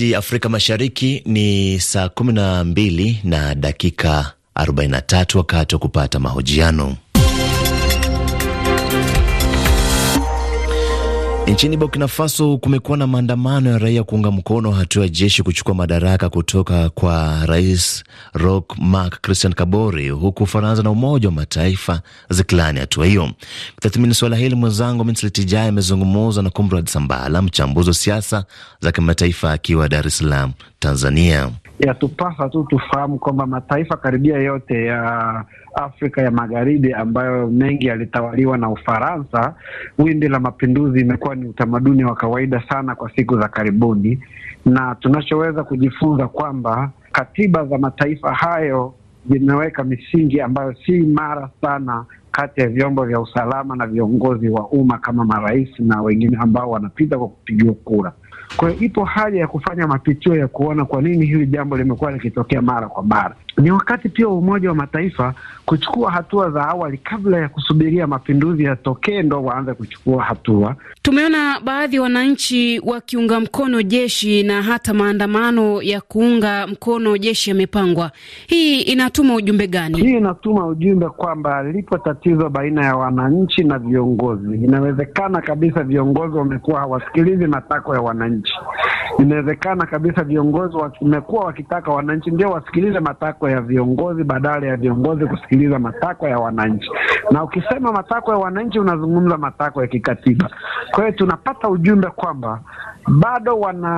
ji Afrika Mashariki ni saa 12 na dakika 43, wakati wa kupata mahojiano. Nchini Burkina Faso kumekuwa na maandamano ya raia kuunga mkono hatua ya jeshi kuchukua madaraka kutoka kwa rais Roch Marc Christian Kabore, huku Ufaransa na Umoja wa Mataifa zikilani hatua hiyo. Kutathmini suala hili, mwenzangu Mtijai amezungumuza na Kumrad Sambala, mchambuzi wa siasa za kimataifa, akiwa Dar es Salaam, Tanzania yatupasa tu tufahamu kwamba mataifa karibia yote ya Afrika ya Magharibi ambayo mengi yalitawaliwa na Ufaransa, wimbi la mapinduzi imekuwa ni utamaduni wa kawaida sana kwa siku za karibuni, na tunachoweza kujifunza kwamba katiba za mataifa hayo zimeweka misingi ambayo si imara sana kati ya vyombo vya usalama na viongozi wa umma kama marais na wengine ambao wanapita kwa kupigiwa kura. Kwa hiyo ipo haja ya kufanya mapitio ya kuona kwa nini hili jambo limekuwa likitokea mara kwa mara. Ni wakati pia wa Umoja wa Mataifa kuchukua hatua za awali kabla ya kusubiria mapinduzi yatokee ndo waanze kuchukua hatua. Tumeona baadhi ya wananchi wakiunga mkono jeshi na hata maandamano ya kuunga mkono jeshi yamepangwa. Hii inatuma ujumbe gani? Hii inatuma ujumbe kwamba lipo tatizo baina ya wananchi na viongozi. Inawezekana kabisa viongozi wamekuwa hawasikilizi matakwa ya wananchi. Inawezekana kabisa viongozi wamekuwa wakitaka wananchi ndio wasikilize matakwa matakwa ya viongozi badala ya viongozi kusikiliza matakwa ya wananchi. Na ukisema matakwa ya wananchi, unazungumza matakwa ya kikatiba. Kwa hiyo tunapata ujumbe kwamba bado wana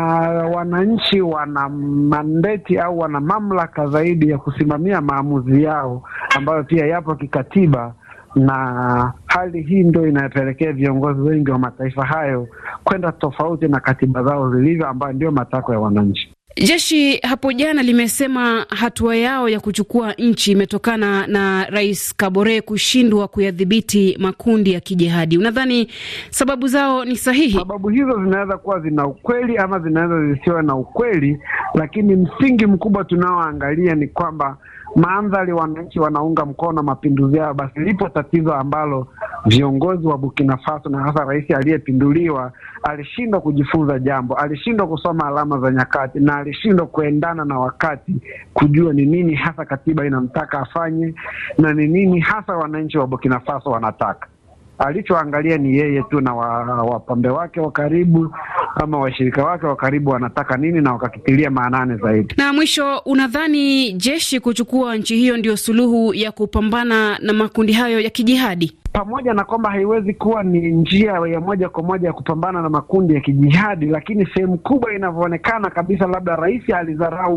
wananchi wana mandeti au wana mamlaka zaidi ya kusimamia maamuzi yao ambayo pia yapo kikatiba na hali hii ndio inayopelekea viongozi wengi wa mataifa hayo kwenda tofauti na katiba zao zilivyo, ambayo ndio matakwa ya wananchi. Jeshi hapo jana limesema hatua yao ya kuchukua nchi imetokana na Rais Kabore kushindwa kuyadhibiti makundi ya kijihadi. Unadhani sababu zao ni sahihi? Sababu hizo zinaweza kuwa zina ukweli ama zinaweza zisiwe na ukweli, lakini msingi mkubwa tunaoangalia ni kwamba maandhari, wananchi wanaunga mkono mapinduzi yao, basi lipo tatizo ambalo viongozi wa Burkina Faso na hasa rais aliyepinduliwa alishindwa kujifunza jambo, alishindwa kusoma alama za nyakati, na alishindwa kuendana na wakati, kujua ni nini hasa katiba inamtaka afanye na ni nini hasa wananchi wa Burkina Faso wanataka. Alichoangalia ni yeye tu na wapambe wa wake wa karibu ama washirika wake wa karibu wanataka nini, na wakakitilia maanane zaidi. Na mwisho, unadhani jeshi kuchukua nchi hiyo ndiyo suluhu ya kupambana na makundi hayo ya kijihadi? pamoja na kwamba haiwezi kuwa ni njia ya moja kwa moja ya kupambana na makundi ya kijihadi, lakini sehemu kubwa inavyoonekana kabisa, labda rais alidharau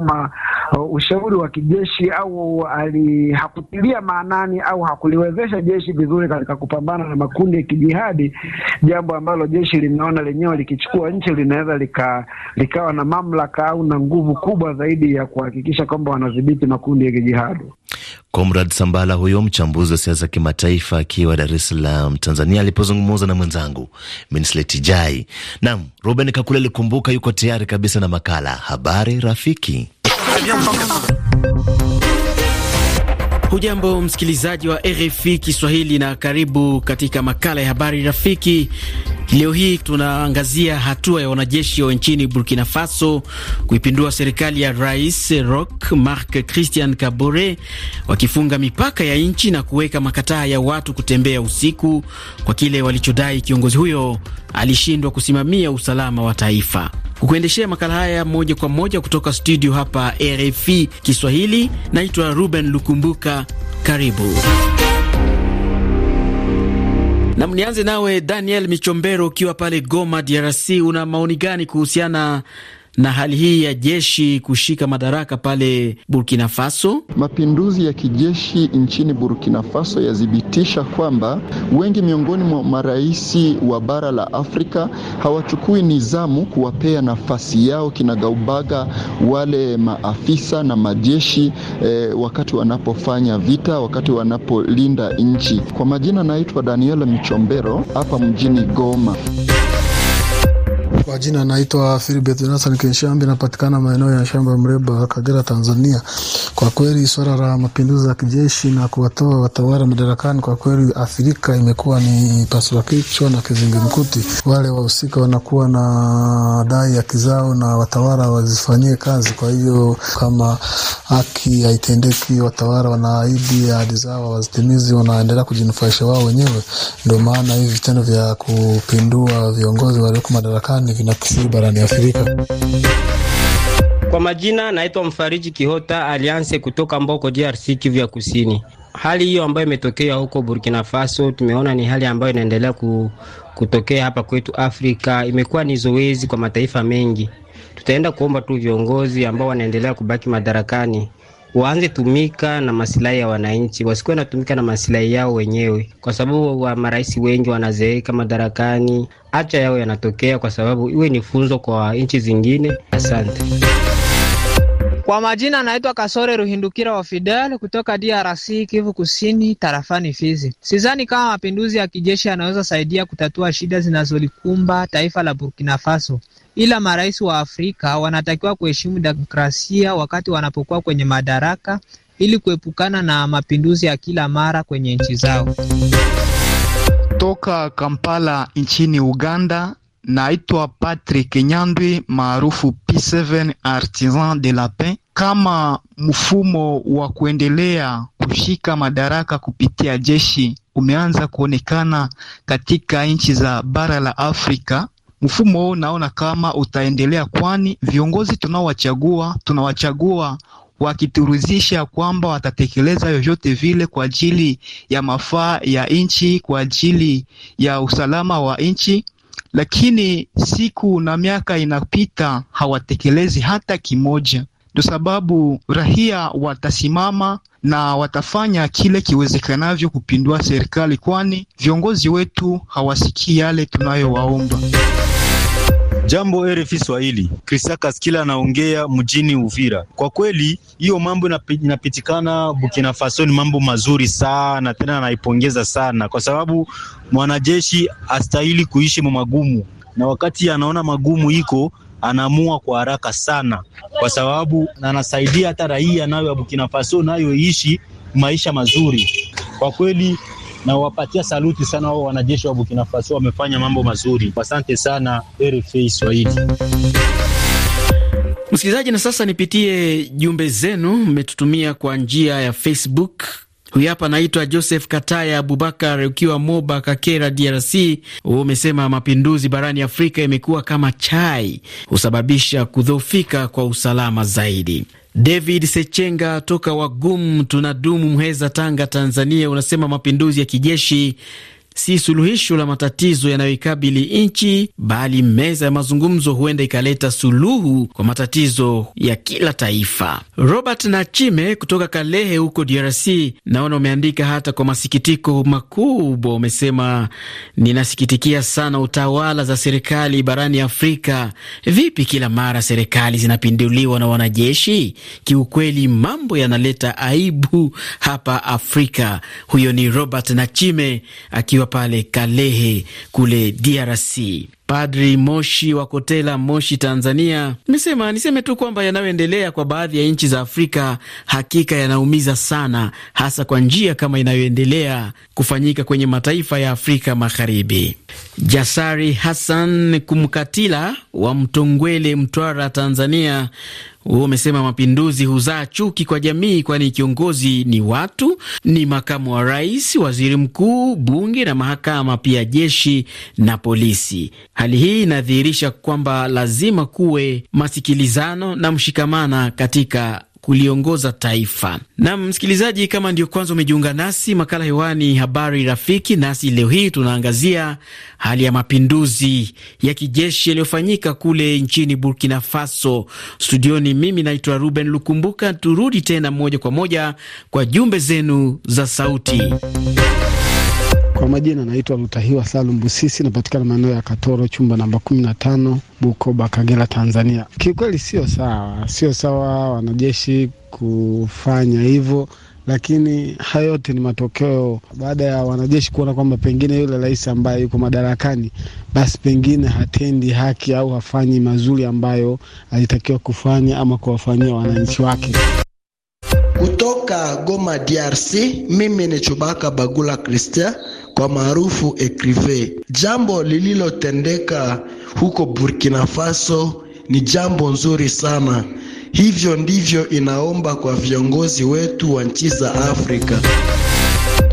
uh, ushauri wa kijeshi au ali, hakutilia maanani au hakuliwezesha jeshi vizuri katika kupambana na makundi ya kijihadi, jambo ambalo jeshi linaona lenyewe likichukua nchi linaweza lika, likawa na mamlaka au na nguvu kubwa zaidi ya kuhakikisha kwamba wanadhibiti makundi ya kijihadi. Comrad Sambala huyo mchambuzi wa siasa kimataifa akiwa Dar es Salaam Tanzania, alipozungumza na mwenzangu Minslet Jai. Naam, Ruben Kakule alikumbuka, yuko tayari kabisa na makala Habari Rafiki. Hujambo msikilizaji wa RFI Kiswahili na karibu katika makala ya habari rafiki. Leo hii tunaangazia hatua ya wanajeshi wa nchini Burkina Faso kuipindua serikali ya Rais Roch Marc Christian Kabore, wakifunga mipaka ya nchi na kuweka makataa ya watu kutembea usiku kwa kile walichodai kiongozi huyo alishindwa kusimamia usalama wa taifa kukuendeshea makala haya moja kwa moja kutoka studio hapa RFI Kiswahili. Naitwa Ruben Lukumbuka, karibu nam. Nianze nawe Daniel Michombero, ukiwa pale Goma, DRC, una maoni gani kuhusiana na hali hii ya jeshi kushika madaraka pale Burkina Faso? Mapinduzi ya kijeshi nchini Burkina Faso yathibitisha kwamba wengi miongoni mwa maraisi wa bara la Afrika hawachukui nizamu kuwapea nafasi yao kinagaubaga wale maafisa na majeshi eh, wakati wanapofanya vita, wakati wanapolinda nchi. Kwa majina naitwa Daniela Michombero hapa mjini Goma. Kwa jina naitwa Philbert Jonathan Kenshambi, napatikana maeneo ya shamba Mreba, Kagera, Tanzania. Kwa kweli swala la mapinduzi ya kijeshi na kuwatoa watawala madarakani, kwa kweli Afrika imekuwa ni pasua kichwa na kizingimkuti. Wale wahusika wanakuwa na dai ya kizao na watawala wazifanyie kazi. Kwa hiyo kama haki haitendeki, watawala wanaahidi ahadi zao hawazitimizi, wanaendelea kujinufaisha wao wenyewe. Ndio maana hivi vitendo vya kupindua viongozi walioko madarakani vinakisibu barani Afrika. Kwa majina naitwa Mfariji Kihota Alianse kutoka Mboko, DRC, Kivu ya Kusini. Hali hiyo ambayo imetokea huko Burkina Faso tumeona ni hali ambayo inaendelea ku, kutokea hapa kwetu Afrika. Imekuwa ni zoezi kwa mataifa mengi. Tutaenda kuomba tu viongozi ambao wanaendelea kubaki madarakani waanze tumika na masilahi ya wananchi, wasikuwe natumika na masilahi yao wenyewe, kwa sababu wa marais wengi wanazeeka madarakani. Acha yao yanatokea, kwa sababu iwe ni funzo kwa nchi zingine. Asante. Kwa majina anaitwa Kasore Ruhindukira wa Fidel kutoka DRC, Kivu Kusini, tarafani Fizi. Sidhani kama mapinduzi ya kijeshi yanaweza saidia kutatua shida zinazolikumba taifa la Burkina Faso ila marais wa Afrika wanatakiwa kuheshimu demokrasia wakati wanapokuwa kwenye madaraka ili kuepukana na mapinduzi ya kila mara kwenye nchi zao. Toka Kampala nchini Uganda, naitwa Patrick Nyandwi maarufu P7 Artisan de la Paix. Kama mfumo wa kuendelea kushika madaraka kupitia jeshi umeanza kuonekana katika nchi za bara la Afrika, Mfumo huu naona kama utaendelea, kwani viongozi tunaowachagua tunawachagua wakituruzisha kwamba watatekeleza vyovyote vile kwa ajili ya mafaa ya nchi, kwa ajili ya usalama wa nchi, lakini siku na miaka inapita hawatekelezi hata kimoja. Ndio sababu rahia watasimama na watafanya kile kiwezekanavyo kupindua serikali, kwani viongozi wetu hawasikii yale tunayowaomba. Jambo RFI Swahili, Krisacas kila anaongea mjini Uvira. Kwa kweli hiyo mambo inapitikana Burkina Faso ni mambo mazuri sana, tena naipongeza sana, kwa sababu mwanajeshi astahili kuishi magumu, na wakati anaona magumu iko anaamua kwa haraka sana, kwa sababu anasaidia hata raia nayo ya Burkina Faso nayo iishi maisha mazuri. Kwa kweli wapatia saluti sana wao wanajeshi wa Burkina Faso, wamefanya mambo mazuri. Asante sana RFI Swahili. Msikilizaji, na sasa nipitie jumbe zenu mmetutumia kwa njia ya Facebook. Huyu hapa anaitwa Joseph Kataya Abubakar, ukiwa Moba Kakera, DRC. Huu umesema mapinduzi barani Afrika imekuwa kama chai, husababisha kudhoofika kwa usalama zaidi. David Sechenga toka Wagum tunadumu Mheza, Tanga, Tanzania, unasema mapinduzi ya kijeshi si suluhisho la matatizo yanayoikabili nchi, bali meza ya mazungumzo huenda ikaleta suluhu kwa matatizo ya kila taifa. Robert Nachime kutoka Kalehe huko DRC, naona umeandika hata kwa masikitiko makubwa, umesema ninasikitikia sana utawala za serikali barani Afrika. Vipi kila mara serikali zinapinduliwa na wanajeshi? Kiukweli mambo yanaleta aibu hapa Afrika. Huyo ni Robert Nachime akiwa pale Kalehe kule DRC. Padri Moshi wa Kotela, Moshi, Tanzania, amesema niseme tu kwamba yanayoendelea kwa baadhi ya nchi za Afrika hakika yanaumiza sana, hasa kwa njia kama inayoendelea kufanyika kwenye mataifa ya Afrika Magharibi. Jasari Hassan Kumkatila wa Mtongwele, Mtwara, Tanzania, huo umesema mapinduzi huzaa chuki kwa jamii, kwani kiongozi ni watu, ni makamu wa rais, waziri mkuu, bunge na mahakama, pia jeshi na polisi. Hali hii inadhihirisha kwamba lazima kuwe masikilizano na mshikamana katika kuliongoza taifa. Na msikilizaji, kama ndiyo kwanza umejiunga nasi, makala hewani Habari Rafiki, nasi leo hii tunaangazia hali ya mapinduzi ya kijeshi yaliyofanyika kule nchini Burkina Faso. Studioni mimi naitwa Ruben Lukumbuka. Turudi tena moja kwa moja kwa jumbe zenu za sauti kwa majina naitwa Lutahiwa Salum Busisi, napatikana maeneo ya Katoro, chumba namba kumi na tano, Bukoba, Kagera, Tanzania. Kiukweli sio sawa, sio sawa wanajeshi kufanya hivyo, lakini haya yote ni matokeo baada ya wanajeshi kuona kwamba pengine yule rais ambaye yuko madarakani basi pengine hatendi haki au hafanyi mazuri ambayo alitakiwa kufanya ama kuwafanyia wananchi wake. Kutoka Goma, DRC, mimi ni Chubaka Bagula Kristia kwa maarufu ekrive. Jambo lililotendeka huko Burkina Faso ni jambo nzuri sana. Hivyo ndivyo inaomba kwa viongozi wetu wa nchi za Afrika.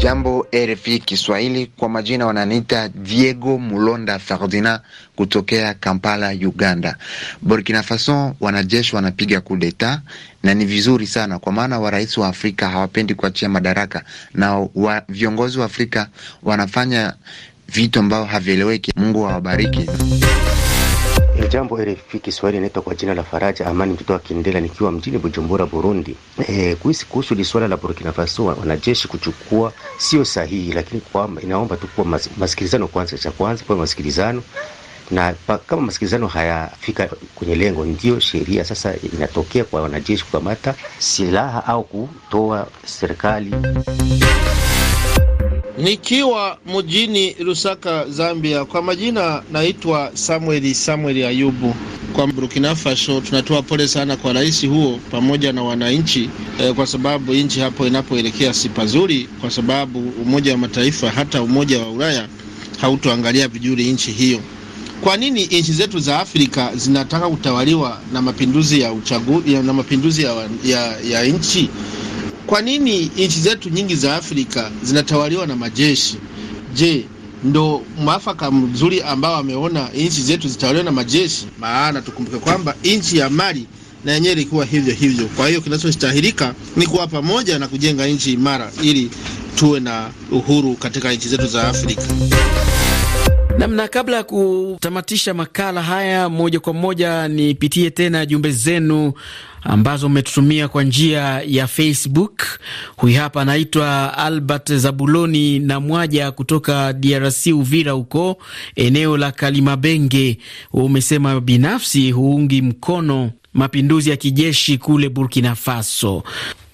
Jambo RFI Kiswahili, kwa majina wananiita Diego Mulonda Ferdinand kutokea Kampala, Uganda. Burkina Faso wanajeshi wanapiga kudeta na ni vizuri sana, kwa maana warais wa Afrika hawapendi kuachia madaraka na wa, viongozi wa Afrika wanafanya vitu ambavyo havieleweki. Mungu awabariki. Jambo eh, RFI Kiswahili, inaitwa kwa jina la Faraja Amani mtoto wa Kindela, nikiwa mjini Bujumbura, Burundi. E, kuhusu kuhusu li swala la Burkina Faso wanajeshi kuchukua sio sahihi, lakini kwa, inaomba tu kuwa masikilizano kwanza, cha kwanza kwa masikilizano na pa, kama masikilizano hayafika kwenye lengo, ndio sheria sasa inatokea kwa wanajeshi kukamata silaha au kutoa serikali Nikiwa mjini Lusaka, Zambia. Kwa majina naitwa Samueli Samueli Ayubu. Kwa Burkina Faso tunatoa pole sana kwa rais huo pamoja na wananchi eh, kwa sababu nchi hapo inapoelekea si pazuri, kwa sababu Umoja wa Mataifa hata Umoja wa Ulaya hautoangalia vizuri nchi hiyo. Kwa nini nchi zetu za Afrika zinataka kutawaliwa na mapinduzi ya uchaguzi na mapinduzi ya, ya, ya nchi? Kwa nini nchi zetu nyingi za Afrika zinatawaliwa na majeshi? Je, ndo mwafaka mzuri ambao wameona nchi zetu zitawaliwa na majeshi? Maana tukumbuke kwamba nchi ya Mali na yenyewe ilikuwa hivyo hivyo. Kwa hiyo kinachostahilika ni kuwa pamoja na kujenga nchi imara, ili tuwe na uhuru katika nchi zetu za Afrika namna. Kabla ya kutamatisha makala haya moja kwa moja, nipitie tena jumbe zenu ambazo mmetutumia kwa njia ya Facebook. Huyu hapa anaitwa Albert Zabuloni na Mwaja kutoka DRC, Uvira, huko eneo la Kalimabenge. Umesema binafsi huungi mkono mapinduzi ya kijeshi kule Burkina Faso.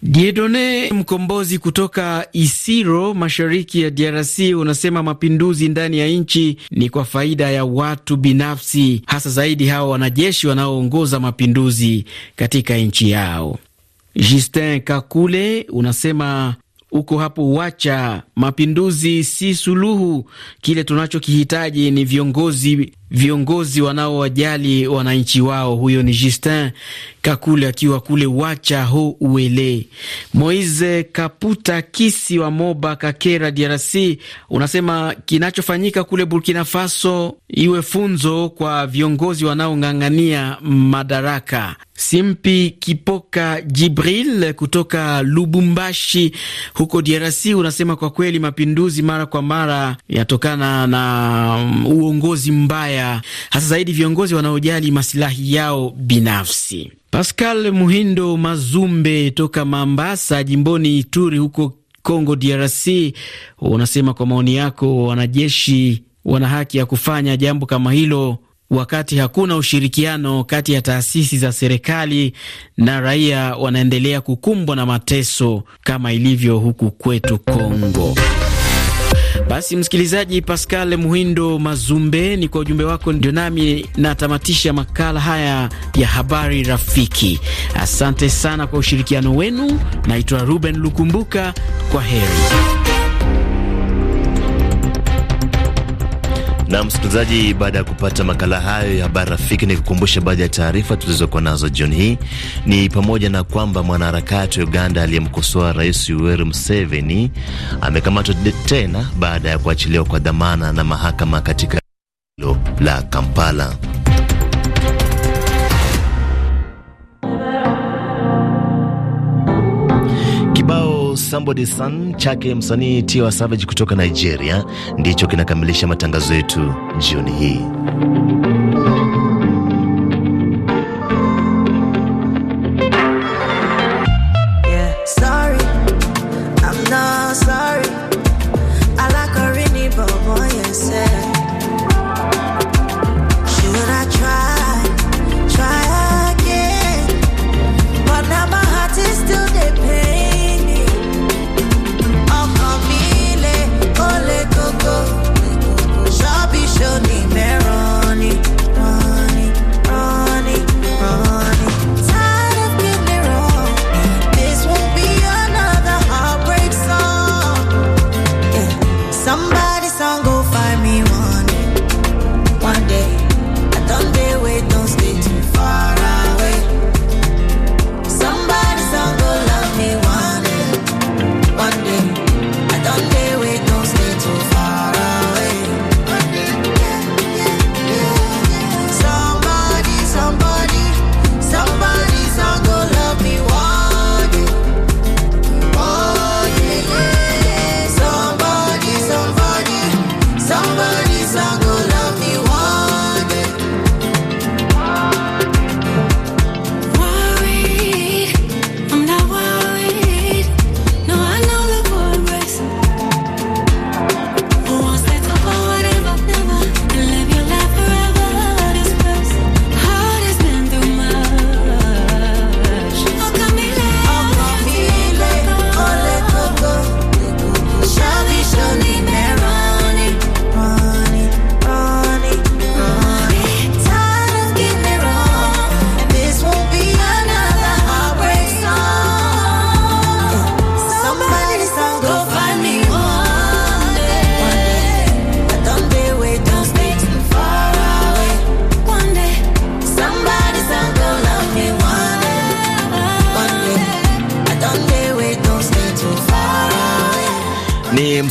Diedone Mkombozi kutoka Isiro, mashariki ya DRC, unasema mapinduzi ndani ya nchi ni kwa faida ya watu binafsi, hasa zaidi hawa wanajeshi wanaoongoza mapinduzi katika nchi yao. Justin Kakule unasema uko hapo Wacha. Mapinduzi si suluhu, kile tunachokihitaji ni viongozi, viongozi wanaowajali wananchi wao. Huyo ni Justin Kakule akiwa kule Wacha ho Uele. Moise Kaputa Kisi wa Moba Kakera, DRC, unasema kinachofanyika kule Burkina Faso iwe funzo kwa viongozi wanaong'ang'ania madaraka. Simpi Kipoka Jibril kutoka Lubumbashi huko DRC unasema kwa kweli mapinduzi mara kwa mara yatokana na um, uongozi mbaya, hasa zaidi viongozi wanaojali masilahi yao binafsi. Pascal Muhindo Mazumbe toka Mambasa jimboni Ituri huko Congo DRC unasema kwa maoni yako, wanajeshi wana haki ya kufanya jambo kama hilo wakati hakuna ushirikiano kati ya taasisi za serikali na raia wanaendelea kukumbwa na mateso kama ilivyo huku kwetu Kongo. Basi msikilizaji, Pascal Muhindo Mazumbe, ni kwa ujumbe wako ndio nami natamatisha makala haya ya habari rafiki. Asante sana kwa ushirikiano wenu. Naitwa Ruben Lukumbuka, kwa heri. Na msikilizaji, baada ya kupata makala hayo ya habari rafiki, ni kukumbusha baadhi ya taarifa tulizokuwa nazo jioni hii. Ni pamoja na kwamba mwanaharakati wa Uganda aliyemkosoa Rais Yoweri Museveni amekamatwa tena baada ya kuachiliwa kwa dhamana na mahakama katika hilo la Kampala. Somebody Son chake msanii Tiwa Savage kutoka Nigeria ndicho kinakamilisha matangazo yetu jioni hii.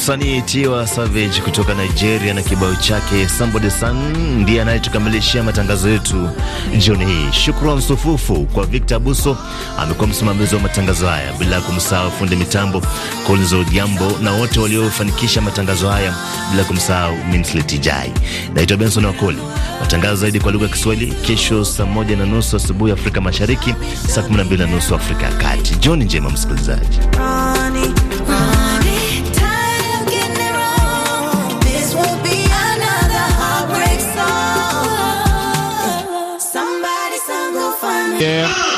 msanii Tiwa Savage kutoka Nigeria na kibao chake Somebody Sun ndiye anayetukamilishia matangazo yetu jioni hii. Shukran sufufu kwa Victor Buso, amekuwa msimamizi wa matangazo haya, bila kumsahau fundi mitambo Collins Odhiambo na wote waliofanikisha matangazo haya, bila kumsahau Minslet Jai. Naitwa Benson Wakoli. Matangazo zaidi kwa lugha ya Kiswahili kesho saa moja na nusu asubuhi Afrika Mashariki, saa 12 na nusu Afrika ya Kati. Jioni njema msikilizaji. Yeah.